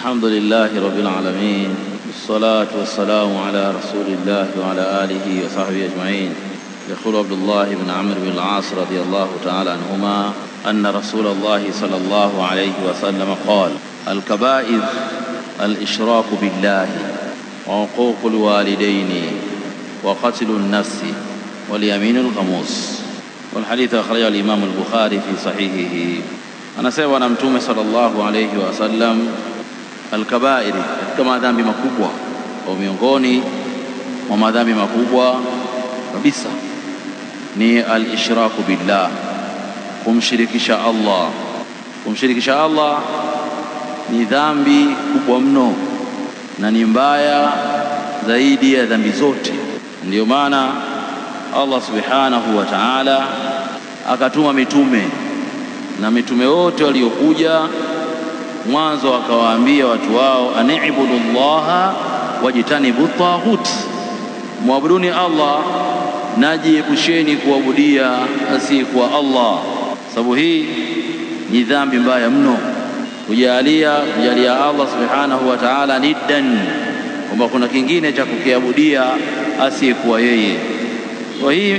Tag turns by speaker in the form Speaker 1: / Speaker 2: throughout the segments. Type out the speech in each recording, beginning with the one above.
Speaker 1: الحمد لله رب العالمين والصلاة والسلام على رسول الله وعلى آله وصحبه أجمعين يقول عبد الله بن عمرو بن العاص رضي الله تعالى عنهما أن رسول الله صلى الله عليه وسلم قال الكبائر الإشراك بالله وعقوق الوالدين وقتل النفس واليمين الغموس والحديث أخرجه الإمام البخاري في صحيحه anasema na صلى الله عليه وسلم alkabairi, katika madhambi makubwa au miongoni mwa madhambi makubwa kabisa ni alishraku billah, kumshirikisha Allah. Kumshirikisha Allah ni dhambi kubwa mno na ni mbaya zaidi ya dhambi zote. Ndiyo maana Allah subhanahu wa ta'ala akatuma mitume na mitume wote waliokuja mwanzo akawaambia watu wao, anibudu llaha wajtanibu taghut, mwabuduni Allah najiepusheni kuabudia asiyekuwa Allah. Sababu hii ni dhambi mbaya mno, kujalia kujalia Allah subhanahu wa ta'ala niddan, kwamba kuna kingine cha kukiabudia asiyekuwa yeye. Kwa hii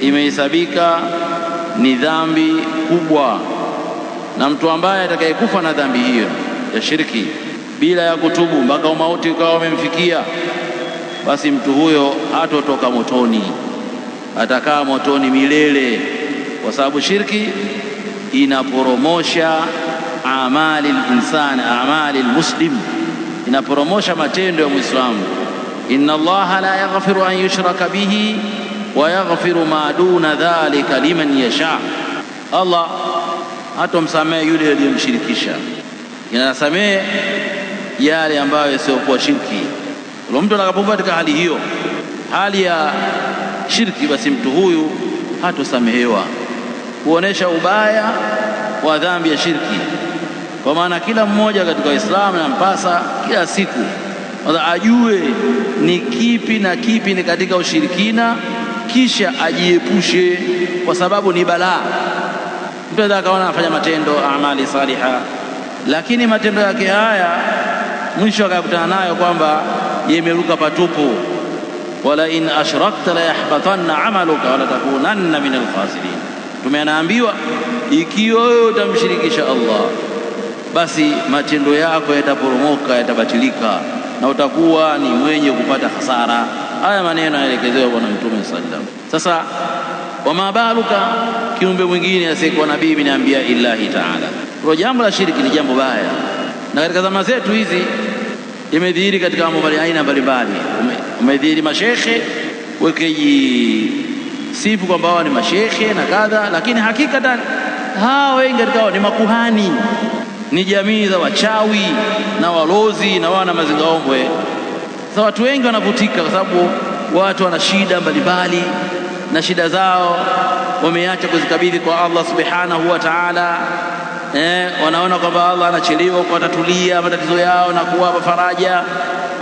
Speaker 1: imehesabika ni dhambi kubwa na mtu ambaye atakayekufa na dhambi hiyo ya shirki bila ya kutubu mpaka umauti ukawa umemfikia, basi mtu huyo hatotoka motoni, atakaa motoni milele, kwa sababu shirki inaporomosha amali linsan, amali lmuslim, inaporomosha matendo ya Mwislamu. inna llaha la yaghfiru an yushraka bihi wa yaghfiru ma duna dhalika liman yasha Allah hatomsamehe yule aliyemshirikisha, inasamehe yale ambayo yasiyokuwa shirki. Ule mtu atakapokuwa katika hali hiyo, hali ya shirki, basi mtu huyu hatosamehewa, kuonesha ubaya wa dhambi ya shirki. Kwa maana kila mmoja katika Waislamu inampasa kila siku ajue ni kipi na kipi ni katika ushirikina, kisha ajiepushe, kwa sababu ni balaa. Mtu aweza akaona anafanya matendo amali saliha, lakini matendo yake haya mwisho akakutana nayo kwamba yemeruka patupu. wala in ashrakta la yahbatanna amaluka wala takunanna min alkhasirin. Mtume anaambiwa ikiwa wewe utamshirikisha Allah, basi matendo yako yataporomoka, yatabatilika na utakuwa ni mwenye kupata hasara. Haya maneno anaelekezewa Bwana Mtume sallallahu alaihi wasallam. Sasa wa mabaluka kiumbe mwingine asiyekuwa nabii min illahi taala. Kwa jambo la shirki ni jambo baya, na katika zama zetu hizi imedhihiri katika mambo aina mbalimbali. Umedhihiri mashekhe wekeji sifu kwamba wao ni mashekhe na kadha, lakini hakikatan hawa wengi katika ni makuhani, ni jamii za wachawi na walozi na wana mazingaombwe. Sasa watu wengi wanavutika kwa sababu watu wana shida mbalimbali na shida zao wameacha kuzikabidhi kwa Allah subhanahu wa ta'ala. Eh, wanaona kwamba Allah anachelewa kwa matatizo yao na kuwapa faraja.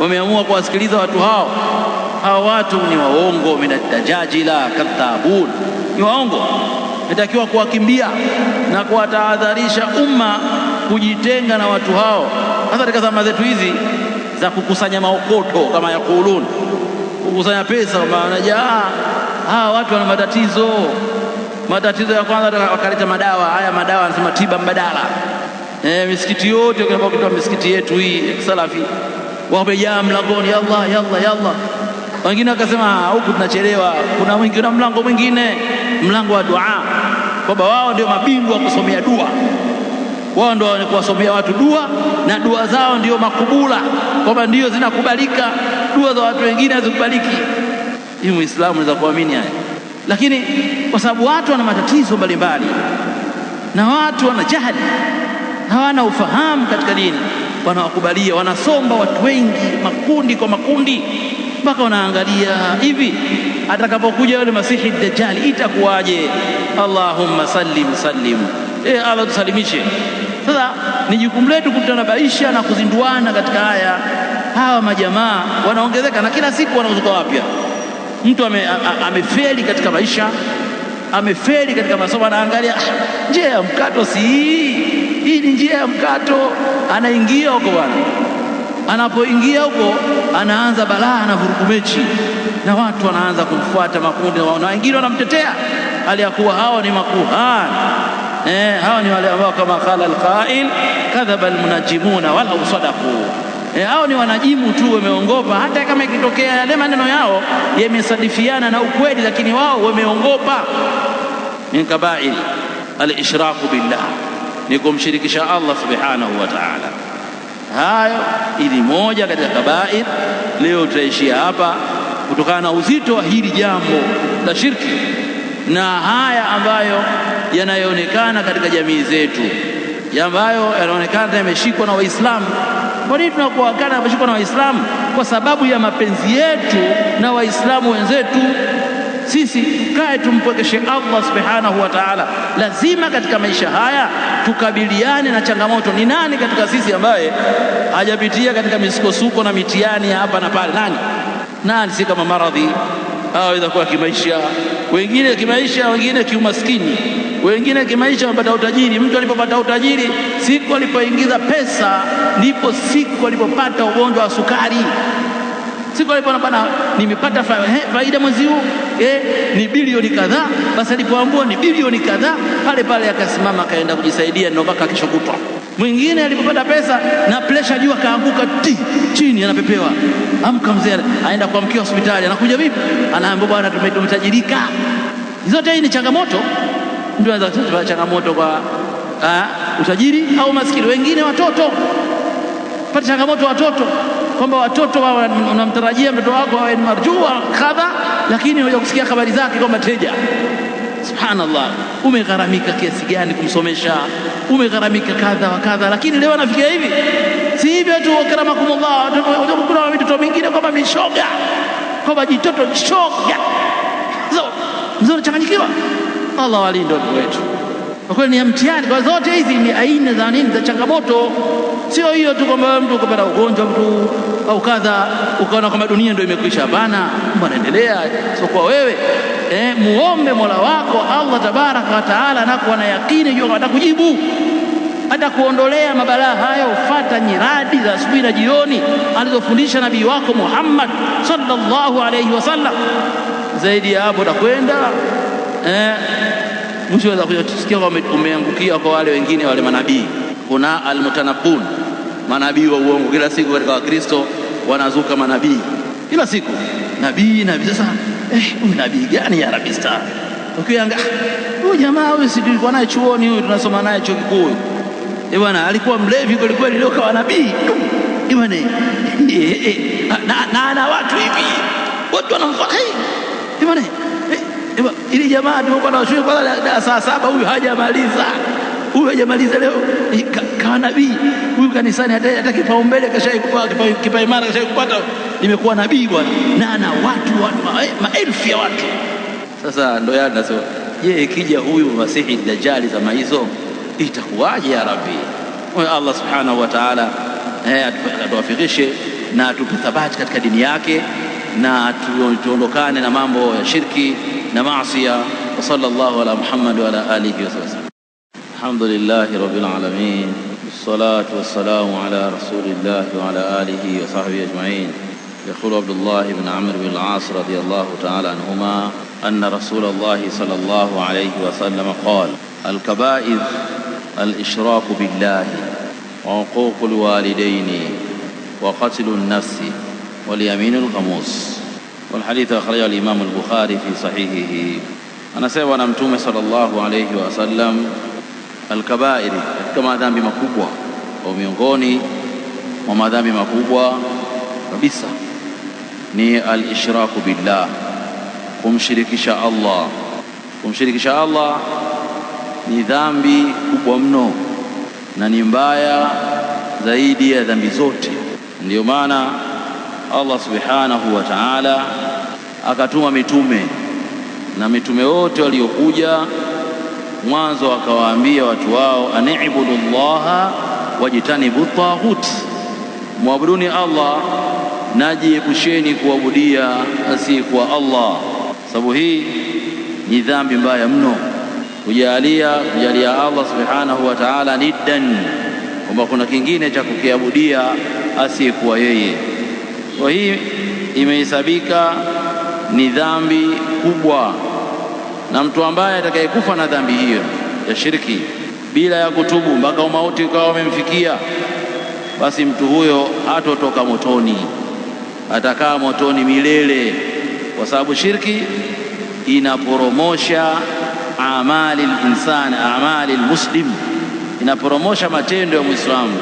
Speaker 1: Wameamua kuwasikiliza watu hao. Hawa watu ni waongo, minadajajila kadhabun, ni waongo. Natakiwa kuwakimbia na kuwatahadharisha umma kujitenga na watu hao, hasa katika zama zetu hizi za kukusanya maokoto kama yakulun, kukusanya pesa, maana jaa hawa watu wana matatizo. Matatizo ya kwanza wakaleta madawa haya, madawa anasema tiba mbadala. E, misikiti yote ukitoa misikiti yetu hii salafi wamejaa mlangoni, yallah yallah yallah. Wengine wakasema ah, huku tunachelewa, kuna mwingine mlango mwingine, mlango wa dua, kwamba wao ndio mabingwa kusomea dua wao ndio kuwasomea watu dua na dua zao ndio makubula, kwamba ndio zinakubalika. Dua za watu wengine hazikubaliki hivi Muislamu anaweza kuamini haya? Lakini kwa sababu watu wana matatizo mbalimbali na watu wana jahili, hawana ufahamu katika dini, wanawakubalia, wanasomba watu wengi makundi kwa makundi, mpaka wanaangalia hivi atakapokuja yule Masihi Dajjal itakuwaje? Allahumma sallim sallim, e Allah tusalimishe. Sasa ni jukumu letu kutanabaisha na kuzinduana katika haya. Hawa majamaa wanaongezeka na kila siku wanazuka wapya. Mtu ame, amefeli katika maisha, amefeli katika masomo, anaangalia ah, njia ya mkato, si hii hii ni njia ya mkato, anaingia huko bwana. Anapoingia huko anaanza balaa na vurugu mechi, na watu wanaanza kumfuata makundi, na wengine wanamtetea hali ya kuwa hao ni makuhani eh, hawa ni wale ambao kama qala alqail kadhaba almunajimuna walau sadaku E, hao ni wanajimu tu, wameongopa. Hata kama ikitokea yale maneno yao yamesadifiana na ukweli, lakini wao wameongopa. Min kabairi alishraku billah, ni kumshirikisha Allah subhanahu wa ta'ala. Hayo ili moja katika kabair. Leo tutaishia hapa kutokana na uzito wa hili jambo la shirki na haya ambayo yanayoonekana katika jamii zetu, ambayo yanaonekana yameshikwa na Waislamu kwa nini tunakuagana ameshikwa na Waislamu? Kwa sababu ya mapenzi yetu na Waislamu wenzetu. Sisi tukae tumpwekeshe Allah subhanahu wa ta'ala. Lazima katika maisha haya tukabiliane na changamoto. Ni nani katika sisi ambaye hajapitia katika misukosuko na mitihani ya hapa na pale? Nani nani? Si kama maradhi au aweza kuwa kimaisha, wengine kimaisha, wengine kiumaskini wengine kimaisha wamepata utajiri. Mtu alipopata utajiri, siku alipoingiza pesa, ndipo siku alipopata ugonjwa wa sukari. Siku alipoona bana, nimepata faida mwezi huu eh, ni bilioni kadhaa. Basi alipoambua ni bilioni kadhaa, pale pale akasimama akaenda kujisaidia mpaka kesho Mwingine alipopata pesa na presha juu akaanguka ti chini, anapepewa. Amka mzee, aenda kwa hospitali, anakuja vipi? Anaambiwa bwana, tumetajirika. Zote hii ni changamoto ndio za changamoto kwa ha, ah, utajiri au maskini. Wengine watoto pata changamoto watoto, kwamba watoto wanamtarajia mtoto wako awe ni marjua kadha, lakini unakuja kusikia habari zake kwamba teja. Subhanallah, umegharamika kiasi gani kumsomesha, umegharamika kadha wa kadha, lakini leo anafikia hivi. Si hivyo tu, karamakumullah, kuna mitoto mingine kwamba mishoga shoga, kwamba jitoto shoga, mzee unachanganyikiwa Allah walinde watu wetu. Kwa kweli ni mtihani kwa zote hizi, ni aina za nini za changamoto, sio hiyo tu kwamba mtu ukapata ugonjwa mtu au kadha ukaona kwamba dunia ndio imekwisha. Hapana, mambo yanaendelea, sio kwa wewe eh. Muombe mola wako Allah tabaraka wa taala, nakuwa na yakini jua atakujibu kuondolea mabalaa hayo. Ufata nyiradi za asubuhi na jioni alizofundisha nabii wako Muhammad sallallahu alayhi wasallam. Zaidi ya hapo utakwenda eh, mwisho waweza kusikia umeangukia kwa wale wengine wale manabii. Kuna almutanabun, manabii wa uongo. Kila siku katika Wakristo wanazuka manabii kila siku, nabii nabii. Sasa eh, huyu nabii gani ya Arabi Ukianga ah, huyu jamaa huyu, si tulikuwa naye chuoni, huyu tunasoma naye chuo kikuu eh bwana, alikuwa mlevi kweli kweli, leo kawa nabii eh bwana, eh, eh. na na watu hivi, watu wanamfahamu eh bwana ili jamaa tumekuwa na shule kwanza saa saba, huyu hajamaliza huyu hajamaliza leo kawa nabii huyu kanisani, hata hata kipaumbele kipaimara kashaikupata, nimekuwa nabii bwana, na na watu watu eh, maelfu ya watu. Sasa ndo yale nasema je, ikija huyu masihi dajali zama hizo itakuwaje? Ya Rabbi, Allah subhanahu wa ta'ala eh, atuwafikishe na atupe thabati katika dini yake na tuondokane na mambo ya shirki. نمعصية وصلى الله على محمد وعلى آله وسلم الحمد لله رب العالمين والصلاة والسلام على رسول الله وعلى آله وصحبه أجمعين يقول عبد الله بن عمرو بن العاص رضي الله تعالى عنهما أن رسول الله صلى الله عليه وسلم قال الكبائر الإشراك بالله وعقوق الوالدين وقتل النفس واليمين الغموس Walhadithi akhrajahu alimamu al fi sahihihi, anasema na Mtume sallallahu alayhi wasallam, alkabairi, katika madhambi makubwa au miongoni mwa madhambi makubwa kabisa ni alishraku billah, kumshirikisha Allah. Kumshirikisha Allah ni dhambi kubwa mno na ni mbaya zaidi ya dhambi zote, ndiyo maana Allah subhanahu wa ta'ala akatuma mitume, na mitume wote waliokuja mwanzo akawaambia watu wao, anibudu llaha wajtanibu taghut, mwabuduni Allah najiepusheni kuabudia asiyekuwa Allah. Sababu hii ni dhambi mbaya mno, kujalia kujalia Allah subhanahu wa ta'ala niddan, kwamba kuna kingine cha kukiabudia asiyekuwa yeye. Kwa hii imehesabika ni dhambi kubwa, na mtu ambaye atakayekufa na dhambi hiyo ya shirki bila ya kutubu mpaka umauti ukawa umemfikia, basi mtu huyo hatotoka motoni, atakaa motoni milele, kwa sababu shirki inaporomosha amali linsani, amali lmuslim, inaporomosha matendo ya Mwislamu.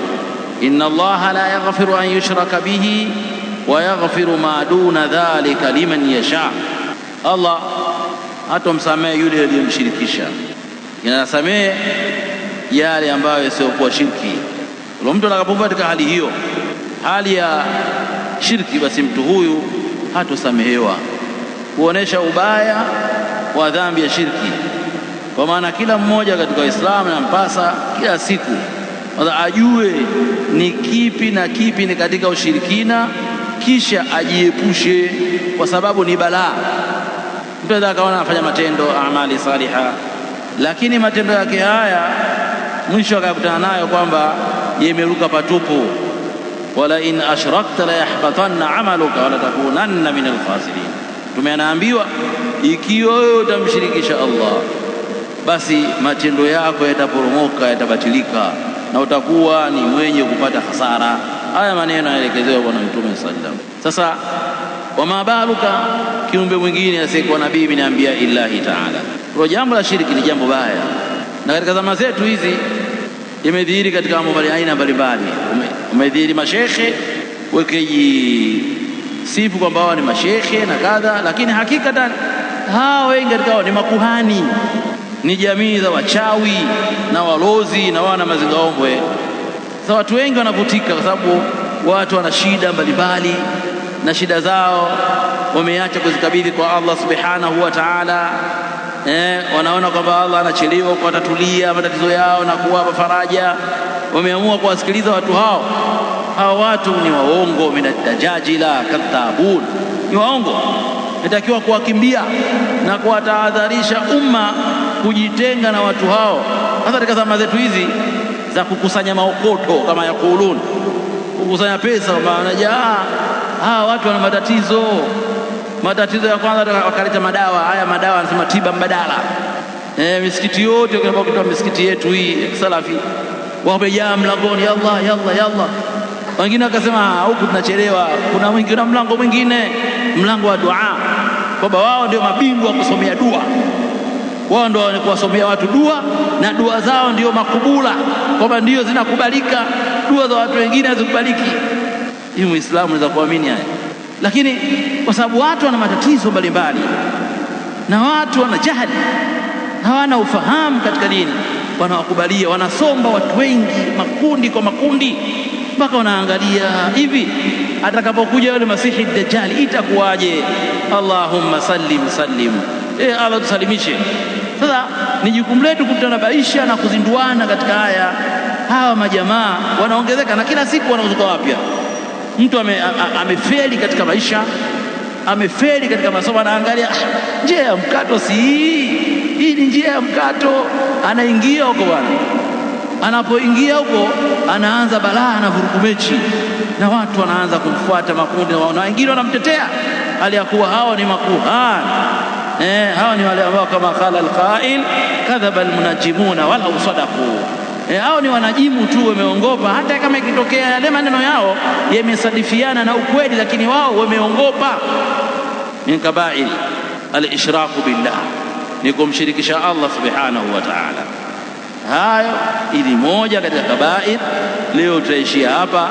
Speaker 1: inna Allaha la yaghfiru an yushraka bihi wayaghfiru ma duna dhalika liman yasha, Allah hatomsamehe yule aliyemshirikisha, inasamehe yale ambayo yasiyokuwa shirki. Kwa mtu atakapokuwa katika hali hiyo, hali ya shirki, basi mtu huyu hatosamehewa kuonesha ubaya wa dhambi ya shirki. Kwa maana kila mmoja katika Waislamu anampasa kila siku ajue ni kipi na kipi ni katika ushirikina kisha ajiepushe, kwa sababu ni balaa. Mtu anaweza akaona anafanya matendo amali saliha, lakini matendo yake haya mwisho akakutana nayo kwamba yemeruka patupu. wala in ashrakta la yahbatanna amaluka wala takunanna min alkhasirin. Mtume anaambiwa ikiwa wewe utamshirikisha Allah, basi matendo yako yataporomoka, yatabatilika na utakuwa ni mwenye kupata hasara. Haya maneno yaelekezewa Bwana Mtume sallallahu Sasa wama baruka kiumbe mwingine asiyekuwa nabii min illahi taala. Kwa jambo la shiriki ni jambo baya, na katika zama zetu hizi imedhihiri katika mambo aina mbalimbali, umedhihiri mashekhe wekeji sifu kwamba wao ni mashekhe na kadha, lakini hakikatan hawa wengi katika wao ni makuhani, ni jamii za wachawi na walozi na wana mazingaombwe. Sasa watu wengi wanavutika, kwa sababu watu wana shida mbalimbali na shida zao wameacha kuzikabidhi kwa Allah subhanahu wa taala. Eh, wanaona kwamba Allah anachelewa kwa matatizo yao na kuwapa faraja. Wameamua kuwasikiliza watu hao. Hawa watu ni waongo, minadajajila kadhabun, ni waongo. Natakiwa kuwakimbia na kuwatahadharisha umma kujitenga na watu hao, hasa katika zama zetu hizi za kukusanya maokoto kama yakulun, kukusanya pesa. ja ah, hawa watu wana matatizo. Matatizo ya kwanza wakaleta madawa haya, madawa anasema tiba mbadala. E, misikiti yote kitoa misikiti yetu hii ya kisalafi wamejaa mlangoni, Allah, ya Allah. Wengine wakasema ah, huku tunachelewa, kuna mwingi na mlango mwingine, mlango wa dua, kwamba wao ndio mabingwa wa kusomea dua wao ndio kuwasomea watu dua na dua zao ndio makubula, kwamba ndio zinakubalika. Dua za watu wengine hazikubaliki. Hivi Muislamu anaweza kuamini haya? Lakini kwa sababu watu wana matatizo mbalimbali na watu wana jahili, hawana ufahamu katika dini, wanawakubalia, wanasomba watu wengi, makundi kwa makundi, mpaka wanaangalia hivi atakapokuja yule Masihi dajjal itakuwaje? Allahumma sallim sallim. E, Allah tusalimishe. Sasa ni jukumu letu kutanabaisha na kuzinduana katika haya. Hawa majamaa wanaongezeka na kila siku wanazuka wapya. Mtu ame, katika maisha, amefeli katika masomo, anaangalia ah, njia ya mkato si hii, hii ni njia ya mkato. Anaingia huko bwana, anapoingia huko anaanza balaa, vurugu mechi na watu wanaanza kumfuata makundi, na wengine wanamtetea hali ya kuwa hao ni makuhani eh, hawa ni wale ambao kama qala alqail kadhaba almunajimuna wala usadaku eh, hao ni wanajimu tu wameongopa. Hata kama ikitokea yale maneno yao yamesadifiana na ukweli, lakini wao wameongopa. Min kabairi alishraku billah, ni kumshirikisha Allah subhanahu wa ta'ala. Hayo ili moja katika kabair. Leo tutaishia hapa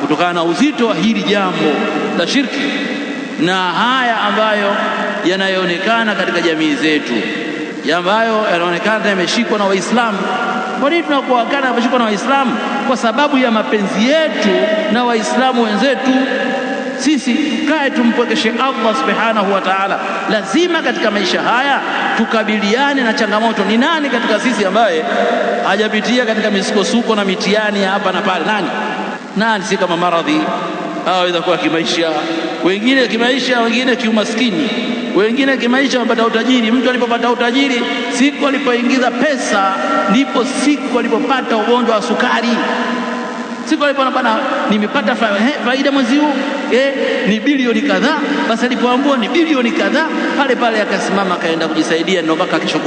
Speaker 1: kutokana na uzito wa hili jambo la shirki na haya ambayo yanayoonekana katika jamii zetu, ambayo yanaonekana yameshikwa na Waislamu. Kwa nini tunakuwakana yameshikwa na Waislamu? Kwa sababu ya mapenzi yetu na Waislamu wenzetu. Sisi kae tumpwekeshe Allah subhanahu wa ta'ala. Lazima katika maisha haya tukabiliane na changamoto. Ni nani katika sisi ambaye hajapitia katika misukosuko na mitihani ya hapa na pale? Nani nani? Si kama maradhi, aweza kuwa kimaisha, wengine kimaisha, wengine kiumaskini wengine kimaisha wamepata utajiri. Mtu alipopata utajiri, siku alipoingiza pesa, ndipo siku alipopata ugonjwa wa sukari. Siku alipoona bana, nimepata faida mwezi huu eh, ni bilioni kadhaa. Basi alipoambua ni bilioni kadhaa, pale pale akasimama akaenda kujisaidia ndio mpaka kesho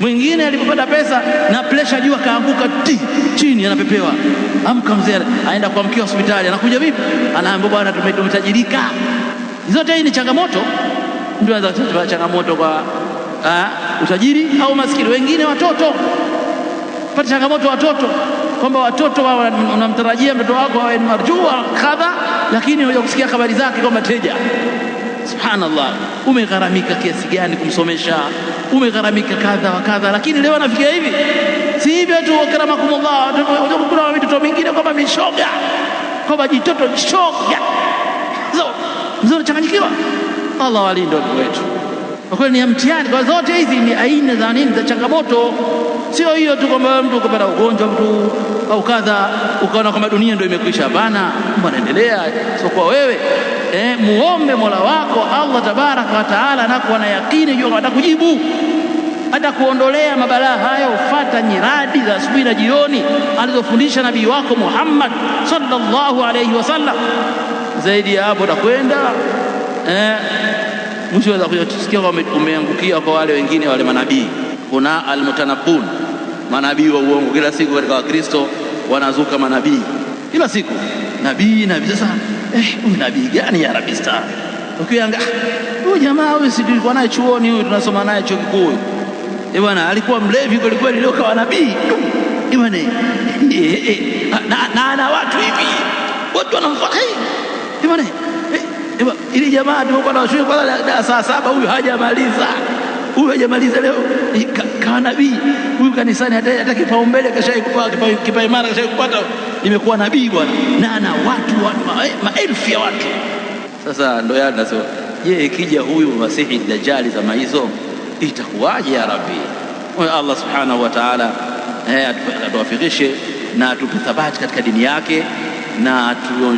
Speaker 1: Mwingine alipopata pesa na presha juu akaanguka ti chini, anapepewa. Amka mzee, aenda kwa hospitali, anakuja vipi? Anaambiwa bwana, tumetajirika. Zote hii ni changamoto ndio anaweza kutatua changamoto kwa ha, utajiri au maskini. Wengine watoto pata changamoto watoto, kwamba watoto wao, unamtarajia mtoto wako awe marjua kadha, lakini unakuja kusikia habari zake kwamba teja. Subhanallah, umegharamika kiasi gani kumsomesha, umegharamika kadha wa kadha, lakini leo anafikia hivi. Si hivyo tu, karamakumullah, kuna mitoto mingine kwamba mishoga, kwamba jitoto shoga, mzee anachanganyikiwa Allah walinde ndugu wetu. Kwa kweli ni mtihani kwa zote hizi, ni aina za nini za changamoto. Sio hiyo tu kwamba mtu ukapata ugonjwa mtu au kadha, ukaona kwamba dunia ndio imekwisha. Hapana, mambo yanaendelea, sio kwa wewe eh. Muombe mola wako Allah tabaraka wa taala, nakuwa na yakini jua atakujibu atakuondolea mabalaa hayo Ufata nyiradi za asubuhi na jioni alizofundisha nabii wako Muhammad sallallahu alayhi wasallam. Zaidi ya hapo utakwenda eh, mwisho waweza kuja tusikia ume, umeangukia kwa wale wengine wale manabii. Kuna almutanabun manabii wa uongo. Kila siku katika Wakristo wanazuka manabii kila siku, nabii nabii. Sasa eh, huyu nabii gani ya Rabbi Star? Ukianga ah, huyu jamaa huyu, si tulikuwa naye chuoni, huyu tunasoma naye chuo kikuu huyu, eh bwana, alikuwa mlevi kweli kweli, leo kawa nabii eh bwana, eh, eh, eh, na na watu hivi watu wanamfuata eh bwana ili jamaa tulikuwa na shule kwanza saa saba, huyu hajamaliza huyu hajamaliza leo kawa nabii huyu kanisani, hata kipaumbele kipaimara kupata imekuwa nabii bwana na na watu, eh, maelfu ya watu. Sasa ndo yana nasema, je, ikija huyu masihi dajali zama hizo itakuwaje? Ya Rabbi, Allah subhanahu wa ta'ala eh, atuwafikishe na atupe thabati katika dini yake na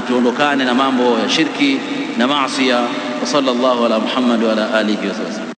Speaker 1: tuondokane na mambo ya shirki. معصية وصلى الله على محمد وعلى آله وصحبه وسلم